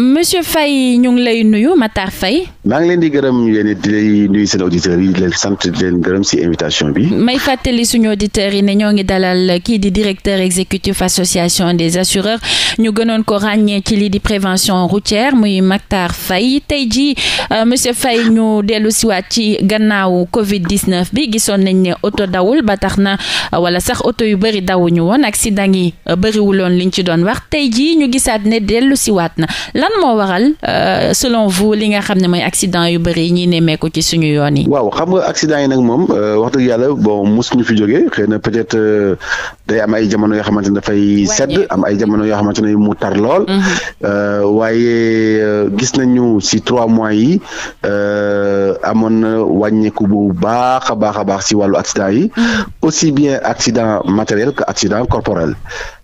monsieur Faye ñu ngi lay nuyu Matar Faye maa ngi leen di gërëm yéen di lay nuyu seen auditeurs yi di leen sant di leen gërëm si invitation bi. may fàttali suñu auditeurs yi ne ñoo ngi dalal kii di directeur exécutif association des assureurs ñu gënoon ko ràññee ci lii di prévention routière muy Matar Faye tey jii euh, monsieur Faye ñu dellu siwaat ci gannaaw Covid 19 bi gisoon nañ ne oto dawul ba tax na euh, wala sax oto yu bëri dawuñu woon accident yi euh, bëriwuloon liñ ci doon wax tey jii ñu gisaat ne dellu siwaat na. lan moo waral euh, selon vous li nga xam ne mooy accident yu bëri yi ñuy nemmeeku ci suñu yoon yi. waaw xam nga accident yi nag moom euh, wax dëgg yàlla bon mos ñu fi jógee xëy na peut-être euh, day am ay jamono yoo xamante ne dafay sedd am ay jamono yoo xamante ne mu tar lool. Mhm. waaye gis nañu si trois mois yi amoon na wàññeeku bu baax a baax a baax si wàllu accident yi. Mhm. aussi bien accident matériel que accident corporel.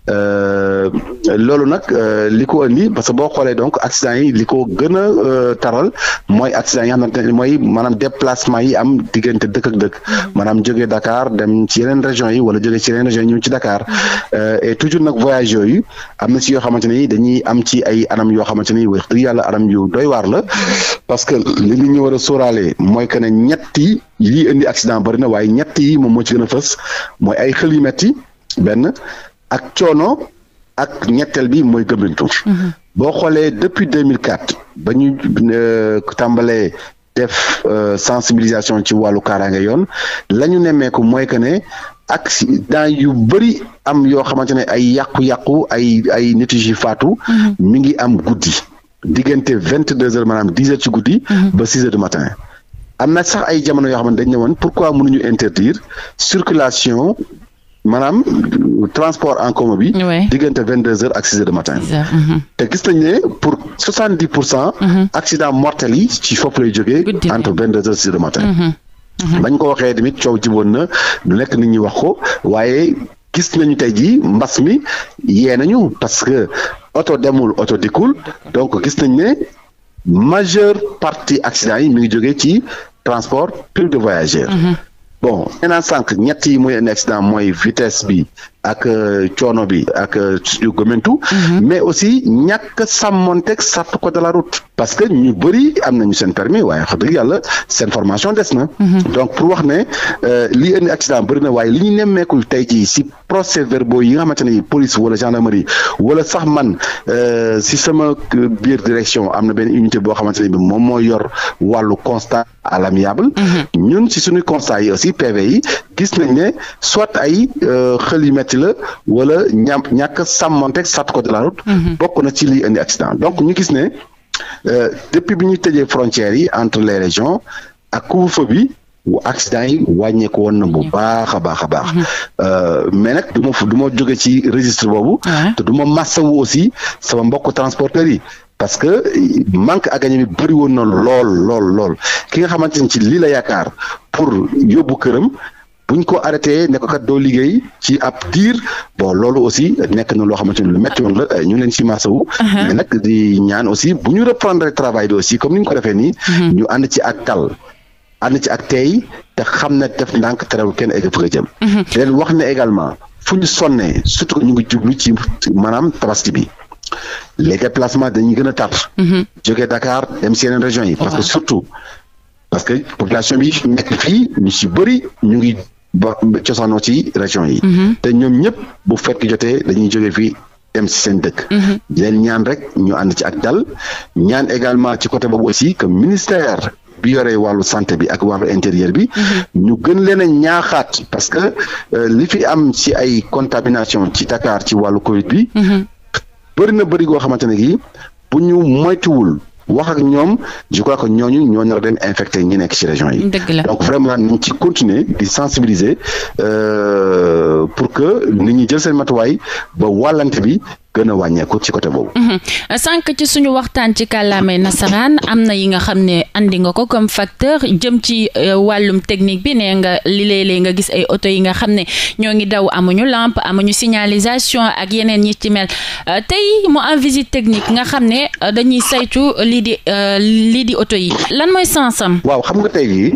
Euh, loolu nag euh, li ko indi parce que boo xoolee donc accident yi li ko gën a euh, taral mooy accident yi mooy maanaam déplacement yi am diggante dëkk dëkk mm-hmm. maanaam jógee Dakar dem ci yeneen région yi wala jógee ci yeneen région ci Dakar mm-hmm. toujours nag voyage yooyu am na si yoo xamante ne dañuy am ci ay anam yoo xamante ne dëgg yàlla anam yu doy waar la mm-hmm. parce que li li ñu war a sóoraale mooy que ne ñetti yi indi accident bëri na waaye ñetti moom moo ci gën a fës mooy ay xël yu metti benn ak coono ak ñetteel bi mooy Gëm mhm. boo xoolee depuis mille 2004 ba ñu euh, tàmbalee def euh, sensibilisation ci wàllu kaaraange yoon la ñu nemmeeku mooy que ne ak si accident yu bëri am yoo xamante ne ay yàqu-yàqu ay ay nit yu faatu. mu mhm. ngi am guddi diggante vingt deux heures maanaam dix heures ci guddi. Mhm. ba six heures du matin. am na sax ay jamono yoo xamante dañ ne woon pourquoi ñu interdire circulation maanaam transport en commun bi. diggante vingt deux heures ak six de matin. Mhm. te gis nañ ne pour soixante pour cent. Mhm. accident mortel yi ci foofu lay jógee. entre vingt deux heures de matin. Mhm. bañ ko waxee tamit coow jiboon na du nekk nit ñi wax ko waaye gis nañu tey jii mbas mi yee nañu parce que oto demul oto dikkul donc gis nañ ne majeure partie accident yi mi ngi jógee ci transport plus de voyageurs. bon nee naa sànq ñett yi muy un accident mooy vitesse bi ak euh, coono bi ak suñu euh, gëmëntu. Mhm. mais aussi ñàkk sàmmonteeg sàpp ko de la route. parce que ñu bëri am nañu seen permis waaye wax dëgg yàlla seen formation des na. Mhm. donc pour wax ne euh, li indi accident bëri na waaye li ñu nemmeekul tey jii si procès verbaux yi nga xamante ne police wala gendarmerie wala sax man si sama biir direction am na benn unité boo xamante ne bi moom moo yor wàllu constat à mhm. ñun si suñu constat yi aussi PV yi gis nañ ne soit ay euh, xël yu metti la wala ña ñàkk sàmmonteeg sàtt ko de la route. Mm-hmm. bokk na ci liy indi accident donc ñu gis ne euh, depuis bi ñu tëjee frontières yi entre les régions ak couvre-feu bi. accident yi wàññeeku woon na bu mm-hmm. baax a baax a baax mm-hmm. euh, mais nag ma du ma jóge ci registre boobu te du ma massawu aussi sama mbokk transporteurs yi parce que manque a gagner bi bëri woon na lool lool lool ki nga xamante ni ci lii la yaakaar pour yóbbu këram buñ ko arrêté ne ko kat doo liggéey ci ab diir bon loolu aussi nekk na loo xamante ni lu métti woon la ñu leen ci maasawu. Uh-huh. mais di ñaan aussi bu reprendre travail bi aussi comme ni ko defee nii. Uh-huh. ñu ànd ci ak dal ànd ci ak tey te xam na def ndànk terewul kenn egg fa jëm. Uh-huh. leen wax ne également fu ñu sonnee surtout ñu ngi jublu ci maanaam tabaski bi. les déplacements dañuy gën a tar. jóge Dakar dem si yeneen régions yi. parce que surtout parce que population bi nekk fii ñu ngi ba cosaanoo ci région yi. Mm-hmm. te ñoom ñëpp bu fekk jotee dañuy jógee fii dem ci seen dëkk. Mm-hmm. di leen ñaan rek ñu ànd ci ak dal ñaan également ci côté boobu aussi que ministère. bi yore wàllu santé bi ak wàllu intérieur bi mm-hmm. ñu gën leen a ñaaxaat parce que euh, li fi am ci ay contamination ci Dakar ci wàllu Covid bi bëri na bëri goo xamante ne gi bu ñu moytuwul wax ak ñoom je crois que ñooñu ñoo nar a dem infecté ñi nekk ci région yi. donc vraiment nañ ci continuer di sensibiliser euh, pour que ni ñi jël seen matuwaay ba wàllante bi gën a wàññeeku ci côté boobu. Mhm. sànq ci suñu waxtaan ci kàllaamay nasaraan am na yi nga xam ne andi nga ko comme facteur jëm ci euh, wàllum technique bi nee nga li léeg-léeg nga gis ay oto yi nga xam ne ñoo ngi daw amuñu làmp amuñu signalisation ak yeneen ñi ci mel euh, tey mu am visite technique nga xam ne euh, dañuy saytu lii di lii di oto yi lan mooy sansam. waaw xam nga tey jii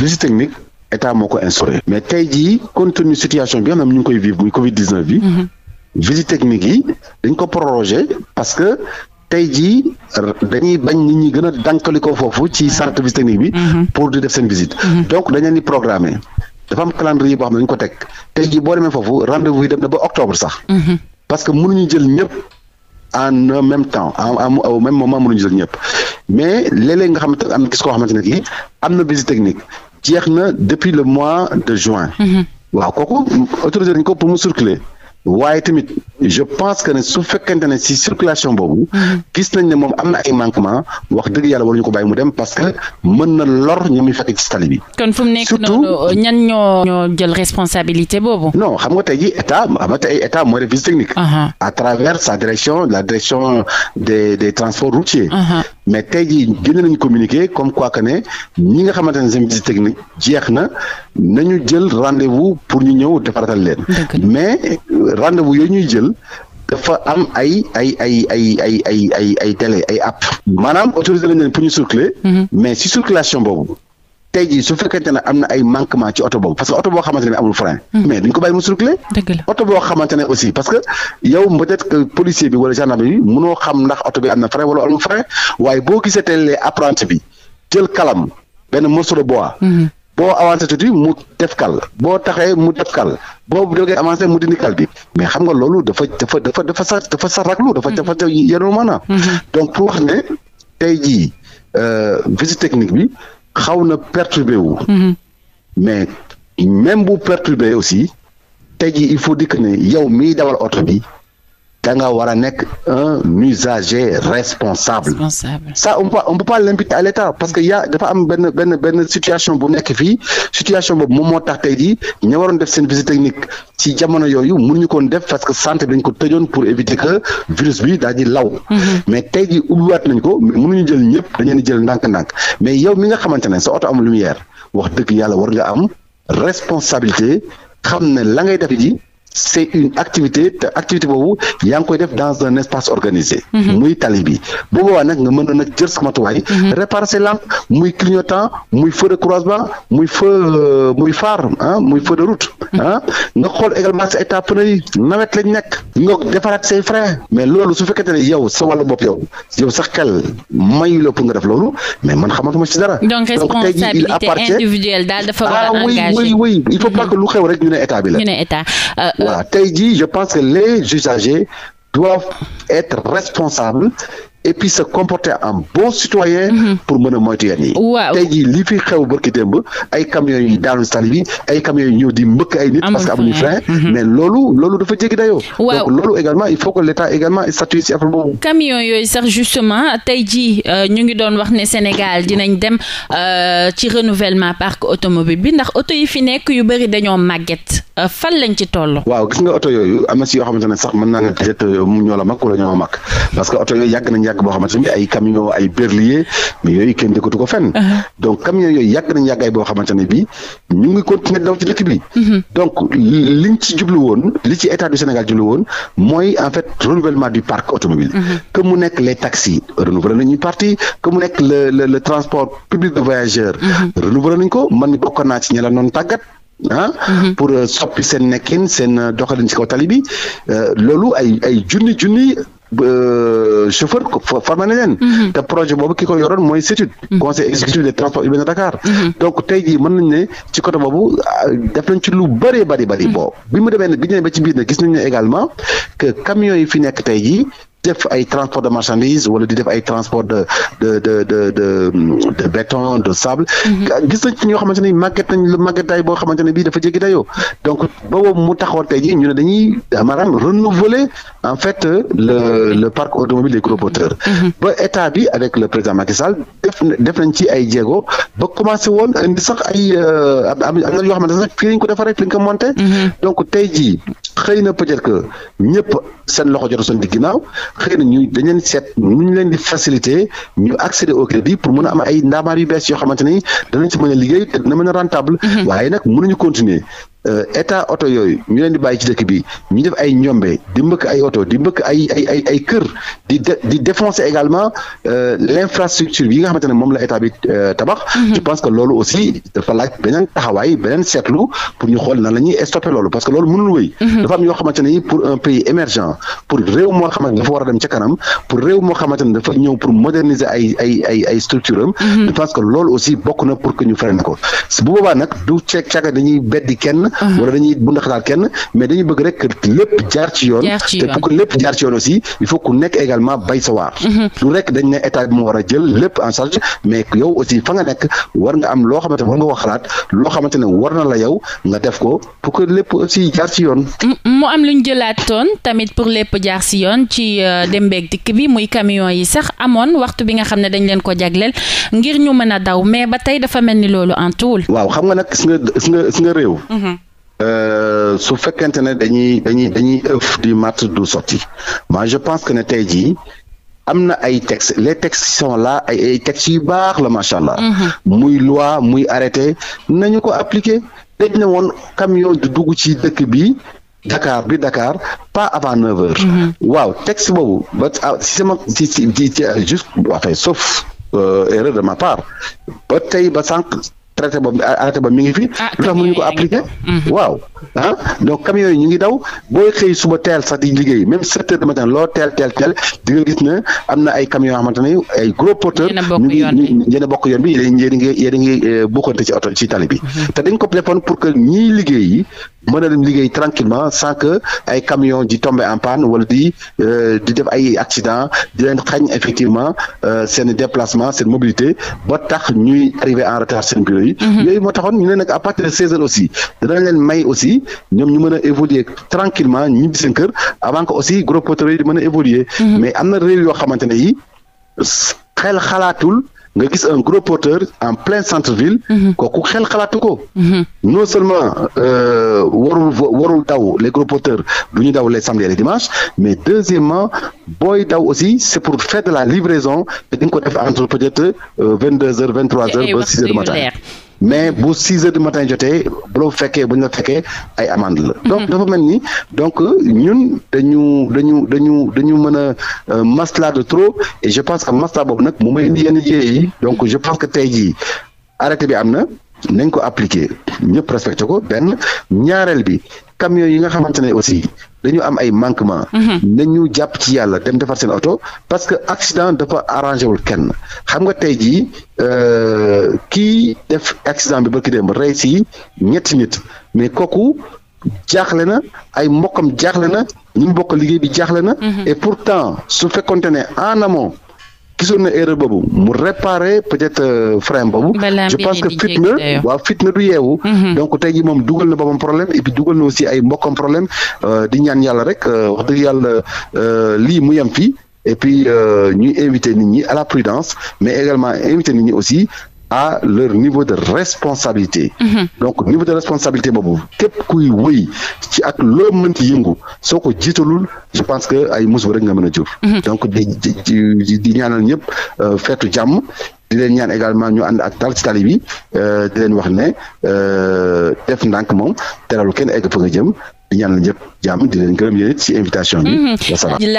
visite technique état moo ko instauré mais tey jii compte situation bi nga ñu ngi koy vivre visite technique yi dañ ko proroger parce que tey jii dañuy bañ nit ñi gën a dànkalikoo foofu ci centre visite technique bi. Mhm. pour di def seen visite. Mhm. donc dañ leen di programmer dafa am calendrier boo xam ne dañu ko teg tey jii boo demee foofu rendez-vous yi dem na ba octobre sax. Mhm. parce que mënuñu jël ñëpp en même temps en au même moment mënuñu jël ñëpp mais léeg nga xamante am am na visite technique jeex na depuis le mois de juin. waaw kooku autorisé nañ ko pour mu circuler. waaye tamit je pense que ne su fekkente ne si circulation boobu. gis nañ ne moom am na ay manquement wax dëgg yàlla waruñu ko bàyyi mu dem parce que mën na lor ñu muy fekk ci tali bi. kon fu mu nekk noonu ñan ñoo ñoo jël responsabilité boobu. non xam nga tey ji état xam nga tey état mooy def technique. Uh-huh. à travers sa direction la direction des des transports mais tey jii génne nañu communiqué comme quoi que ne ñi nga xamante ne seen visite technique jeex na nañu jël rendez-vous pour ñu ñëw defaratal leen. mais euh, rendez-vous yooyu ñuy jël. dafa am ay ay ay ay ay ay ay ay télé ay app. maanaam autorisé nañ leen pour ñu circuler. Mm-hmm. mais si circulation boobu tey jii su fekkente ne am na ay manquement ci oto boobu parce que oto boo xamante amul frein. Hmm. mais duñ ko bàyyi mu circuler. dëgg la oto boo xamante ne aussi parce que yow peut-être que policier bi wala gendarme bi mënoo xam ndax oto am na frein wala amul frein waaye boo gisee teel les bi jël kalam benn morceau bois. Hmm. boo avancé tuuti mu def kal boo taxee mu def kal boo déggee avancé mu dindi kal bi mais xam nga loolu dafa dafa dafa dafa sax dafa dafa hmm. dafa euh, bi. xaw na perturbé wu. mais même bu perturbé aussi tey jii il faut dire que yow miy dawal oto bi da nga war a nekk un usager responsable. responsable ça on peut on peut parce que y a dafa am benn benn benn situation bu nekk fii situation boobu moom moo tax tey jii ña waroon def seen visite technique ci jamono yooyu mënuñu koon def parce que santé dañ ko tëjoon pour éviter que virus bi daal di law. Mm-hmm. mais tey jii nañ ko mënuñu jël ñëpp dañu leen jël ndànk-ndànk mais yow mi nga xamante ne sa oto am lumière wax dëgg yàlla war nga am responsabilité xam ne la ngay def c'est une activité te activité boobu yaa ngi koy def dans un espace organisé. Mhm. muy tali bi bu boobaa nag nga mën na nag jël sa matuwaay. Mhm. réparer ses lampes muy clignotant muy feu de croisement muy feu euh, muy muy feu route. Mhm. nga xool également sa état pneu yi nawet lañ nekk nga defaraat say frein mais loolu su fekkente ne yow sa wàllu bopp yow yow sax xel mayu la pour nga def loolu mais man xamatuma ci dara. donc responsabilité individuelle daal dafa war a ah il faut pas que lu xew voilà tey jii je pense que les usagers doivent être responsables et puis se comporter bon citoyen mhm. pour mën a moytu yenn yi waaw tey li fi xew barki démb ay camions yi daanu tali bi ay camions yi ñëw di mbëkk ay nit parce que amuñu frein mhm. mais loolu loolu dafa jéggi dayoo donc loolu également il faut que l'État également tey jii euh, ñu ngi doon wax ne Sénégal dinañ dem euh, ci renouvellement parc automobile bi ndax oto yi fi nekk yu bëri dañoo màgget euh, fan lañ ci toll waaw gis nga oto yooyu am na si yoo xamante ne sax mën naa nga jet mu ñoo la mag wala ñoo mag parce que oto yooyu yàgg nañ yàgg boo xamante ni ay camion ay berlier mais yooyu kenn déggatu ko fenn uh-huh. donc camion yooyu yàgg nañ yàggaay boo xamante ne bi ñu ngi continuer daw ci dëkk bi uh-huh. donc liñ ci jublu woon li ci état du Sénégal jublu woon mooy en fait renouvellement du parc automobile uh-huh. que nekk les taxis renouvelé nañu parti que nekk le transport public de voyageurs renouvelé nañ ko man bokk naa ci ñe tàggat ah. pour euh, soppi seen nekkin seen euh, doxalin ci kaw tali bi euh, loolu ay junni junni chauffeur former na leen mhm. te projet boobu ki ko yoroon mooy CETUD mhm. conseil exécutif de Dakar mhm. donc tey jii mën nañ ne ci côté boobu euh, def nañ ci lu bëree bëri bëri boo bi mu demee ne bi ñu ba ci biir ne gis nañ ne également que camions yi fi nekk tey jii def ay transport de marchandise wala di def ay transport de de de de de de béton de sable. Mhm. gis nañ ci ñoo xamante ni màgget nañ la màggetaay boo xamante ne bii dafa jéggi dayoo donc boobu mu taxaw tey jii a ne dañuy maanaam renouveler en fait le le parc automobile des gros porteurs. Mhm. ba état bi avec le président Macky Sall def nañ ci ay jéego ba commencé woon sax ay euh, am ko defaree fi lañ mhm. donc tey xëy na peut-être que ñëpp seen loxo jot a sonn xëy na ñu dañ leen seet nu ñu leen di faciliter ñu accéder au crédit pour mën a am ay ndaamaar yu bees yoo xamante ni danañ si mën a liggéey te dina mën a rentable mhm. waaye nag mënuñu continuer Euh, état oto yooyu ñu leen di bàyyi ci dëkk bi ñu def ay ñombe di mbëkk ay oto di mbëkk ay ay ay kër di di défoncer également euh, l' infrastructure yi nga xamante ne moom la état bi euh, tabax. Mhm. je pense que loolu aussi dafa laaj beneen taxawaay beneen seetlu pour ñu xool na la ñuy stopper loolu parce que loolu mënul wéy. Mhm. dafa am yoo xamante ne pour un pays émergent pour réew moo xamante dafa a kanam pour réew moo xamante ne dafa ñëw pour moderniser ay ay ay ay am. Mhm. je pense que loolu aussi bokk na pour que ñu freiner ko bu boobaa nag du ceeb wala dañuy bu ndaxataal kenn mais dañuy bëgg rek lépp jaar ci yoon te pour que lépp jaar ci yoon aussi il faut ku nekk également bay sa waar lu rek dañ ne état bi a jël lépp loo xamante ne war nga wax xalaat loo xamante ne war na la yow nga def ko pour que lépp aussi jaar ci yoon mu am lu ñu jëlaatoon tamit pour lépp jaar ci yoon ci euh, dem beeg dikk bi muy camion yi sax amoon waxtu bi nga xam ne dañ leen ko jagleel ngir ñu mën a daw mais ba tey dafa mel ni loolu en tout waaw xam nga nag su nga su su nga réew Euh, su fekkente ne dañuy dañuy dañuy ëff di matt du sotti moi je pense que ne tey jii am na ay textes les textes sont là ay ay textes yu baax la macha allah. Mhm. muy loi muy arrêté nañu ko appliquer dañ ne woon camion du dugg ci dëkk bi. Dakar bi Dakar pas avant neuf mhm. waaw texte boobu ba ah, si sama si si si juste enfin sauf euh, erreur de ma part ba tey ba sànq traité ba arrêté ba mi ngi fi. Ah, lu tax mënuñu ko appliqué. waaw ah donc camions yi ñu daw booy xëy suba teel sax di liggéey même sept heures matin loo teel teel teel di nga gis am na ay camions yoo xamante ne ay gros porteurs. ñu ngi a bokk yoon bi yéen a ngi a ngi euh, bokkante ci oto mhm. te dañ ko préféré pour que ñiy liggéey mën a dem liggéey tranquillement sans que ay camion di tomber en panne wala di euh, di def ay accident di leen xañ effectivement euh, seen déplacement seen mobilité ba tax ñuy arrivé en retard seen bureau yi mhm. moo taxoon ñu ne nag à partir de seize heures aussi danañ leen may aussi ñoom ñu mën évoluer tranquillement ñibbi seen kër avant que aussi gros porteurs yi di mën a évoluer mhm. mais am na réew yoo xamante ne yi xel xalaatul nga gis un gros porteur en plein centre ville. Mhm. kooku xel xalaatu ko. Mhm. non seulement euh, warul warul daw les gros porteurs du ñu daw les samedis et les dimanches mais deuxièmement booy daw aussi c' est pour faire de la livraison te di nga ko def entre peut-être euh, vingt deux heures vingt trois heures six heures du matin. mais bu 6 heures de matin jotee bu fekkee bu ñu fekkee ay amende la. donc mhm. dafa mel ni donc ñun dañu dañu dañu dañu mën a euh, masla de trop et je pense que masla boobu nag mu may indi yenn yi donc je pense que tey jii arrêté bi am na nañ ko appliqué ñëpp respecté ko benn ñaareel bi camions yi nga xamante ne aussi dañu am ay manquement mhm. nañu jàpp ci yàlla dem defar seen oto parce que accident dafa arrangé wul kenn xam nga tey ji euh, kii def accident bi barki dem rey si ñetti nit mais kooku jaaxle na ay mbokkam jaaxle na ñu mu bokk liggéey bi jaaxle na mhm. et pourtant su fekkonte ne en gisoon na erreur boobu mu réparer peut-être euh, frein boobu je pense que fitna waa fitna du yeewu mhm. donc tey ji moom dugal na boppam problème et puis dugal na aussi ay mbokkam problème euh, di ñaan yàlla rek euh, wax dëgg yàlla lii mu yem fii et puis ñuy invité nit ñi à la prudence mais également invité ni ñi aussi à leur niveau de responsabilité. Mhm. donc niveau de responsabilité boobu képp kuy wëy ci ak loo mën ci yëngu soo ko jiitalul je pense que ay musiba rek nga mën a jur. Mhm. donc di di di ñaanal ñëpp euh, feetu jàmm. di leen ñaan également ñu ànd ak dal ci tali bi euh, di leen wax ne euh, def ndànk moom teralu kenn egg fa nga jëm di ñaan ñëpp jàmm mhm. ñuy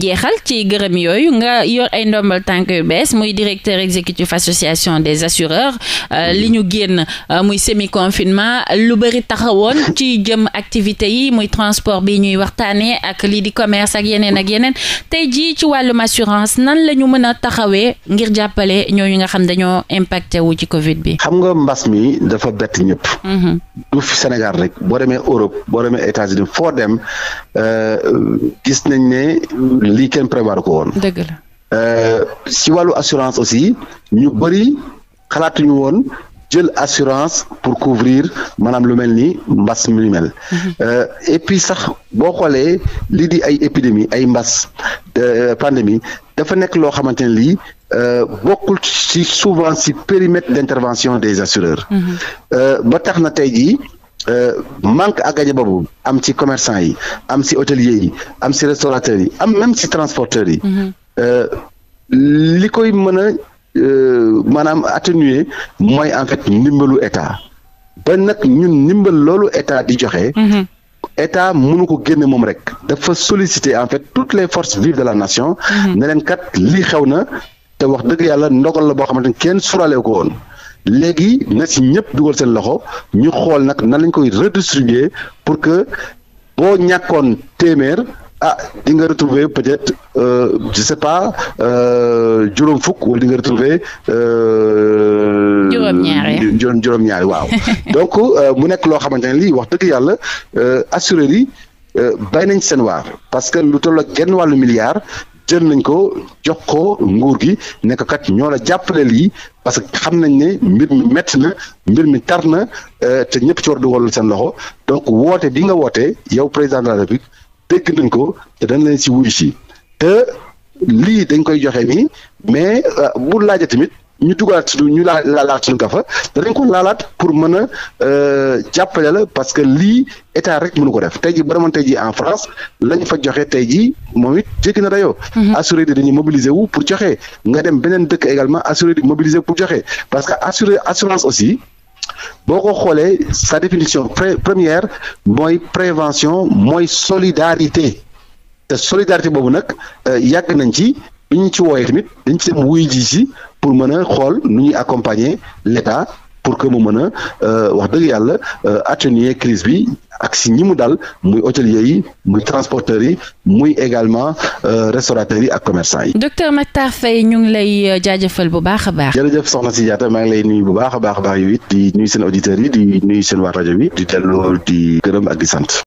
jeexal ci gërëm yooyu nga yor ay ndombal tànk yu bees muy directeur exécutif association des assureurs euh, mhm. li ñu génn euh, muy semi confinement lu bëri taxawoon ci jëm activités yi muy transport bi ñuy waxtaanee ak lii di commerce ak yeneen ak yeneen tey jii ci wàllum assurance nan la ñu mën a taxawee ngir jàppale ñooñu nga xam dañoo impacté wu ci Covid bi. xam nga mbas mi dafa bett ñëpp. Mhm. du Sénégal rek boo demee Europe boo demee états foo dem euh, gis nañ ne lii kenn prévoir ko woon. dëgg la euh, wàllu assurance aussi ñu bëri xalaatuñu woon. jël assurance pour couvrir maanaam lu mel ni mbas mi mel mhm. euh, sax boo xoolee lii di ay épidémie ay mbas pandémie dafa nekk loo xamante ne lii bokkul ci souvent ci périmètre d'intervention des assureurs mhm. ba tax na tey jii Euh, manque à gagner boobu am ci commercant yi am ci hôtelier yi am ci restaurateur yi am même ci transporteur yi. Mm-hmm. Euh, li koy mën a euh, maanaam atténuer mooy en fait ndimbalu état ba nag ñun ndimbal loolu état di joxe. Mm-hmm. état mënu ko génne moom rek dafa solliciter en fait toutes les forces vives de la nation. Mm-hmm. ne kat lii xew na te wax dëgg yàlla ndogal la boo xamante ni kenn suralee ko woon. léegi na si ñëpp dugal seen loxo ñu xool nag nan lañ koy redistribuer pour que boo ñàkkoon téeméer ah di nga retrouver peut-être euh, je sais pas euh, juróom fukk wala di nga retrouver euh, juróom ñaari waaw donc euh, mu nekk loo xamante ne lii wax dëgg yàlla assureur yi bay nañ seen waar parce que lu toll ak genn wàllu milliard jël nañ ko jox ko nguur gi nekk kat ñoo la jàppale lii parce que xam nañ ne mbir mi métti na mbir mi tar na euh, te ñëpp ci war dugal seen loxo donc woote bi nga woote yow président de la république dégg nañ ko te dañ leen si wuyu si te lii dañ koy joxe nii mais euh, bu laajee tamit ñu duggaat suñu ñu laa laalaat suñu gafa danañ ko laalaat pour mën a euh, jàppale la parce que lii état rek mënu ko def tey ji ba demoon tey ji en France lañ fa joxe tey ji moom it jéggi na dayoo mm-hmm. assuré di dañuy mobiliser wu pour joxe nga dem beneen dëkk également assuré di mobiliser pour joxe parce que assuré assurance aussi boo ko xoolee sa définition première mooy prévention mooy solidarité te solidarité boobu nag euh, yàgg nañ ci bi ci wooyee tamit dañ ci dem wuy ji si pour mën a xool nu ñuy accompagner l'État pour que mu mën a euh, wax dëgg yàlla euh, atténuer crise bi ak ci ñi mu dal muy hôteliers yi muy transporteurs yi muy également euh, restaurateurs yi ak commerçants yi. docteur Mactar Faye ñu ngi lay jaajëfal bu baax a baax. jërëjëf soxna si Diatta maa ngi lay nuyu bu baax a baax a baax yow it di nuyu seen auditeur yi di nuyu seen waa rajo bi di dellu di gërëm ak di sant.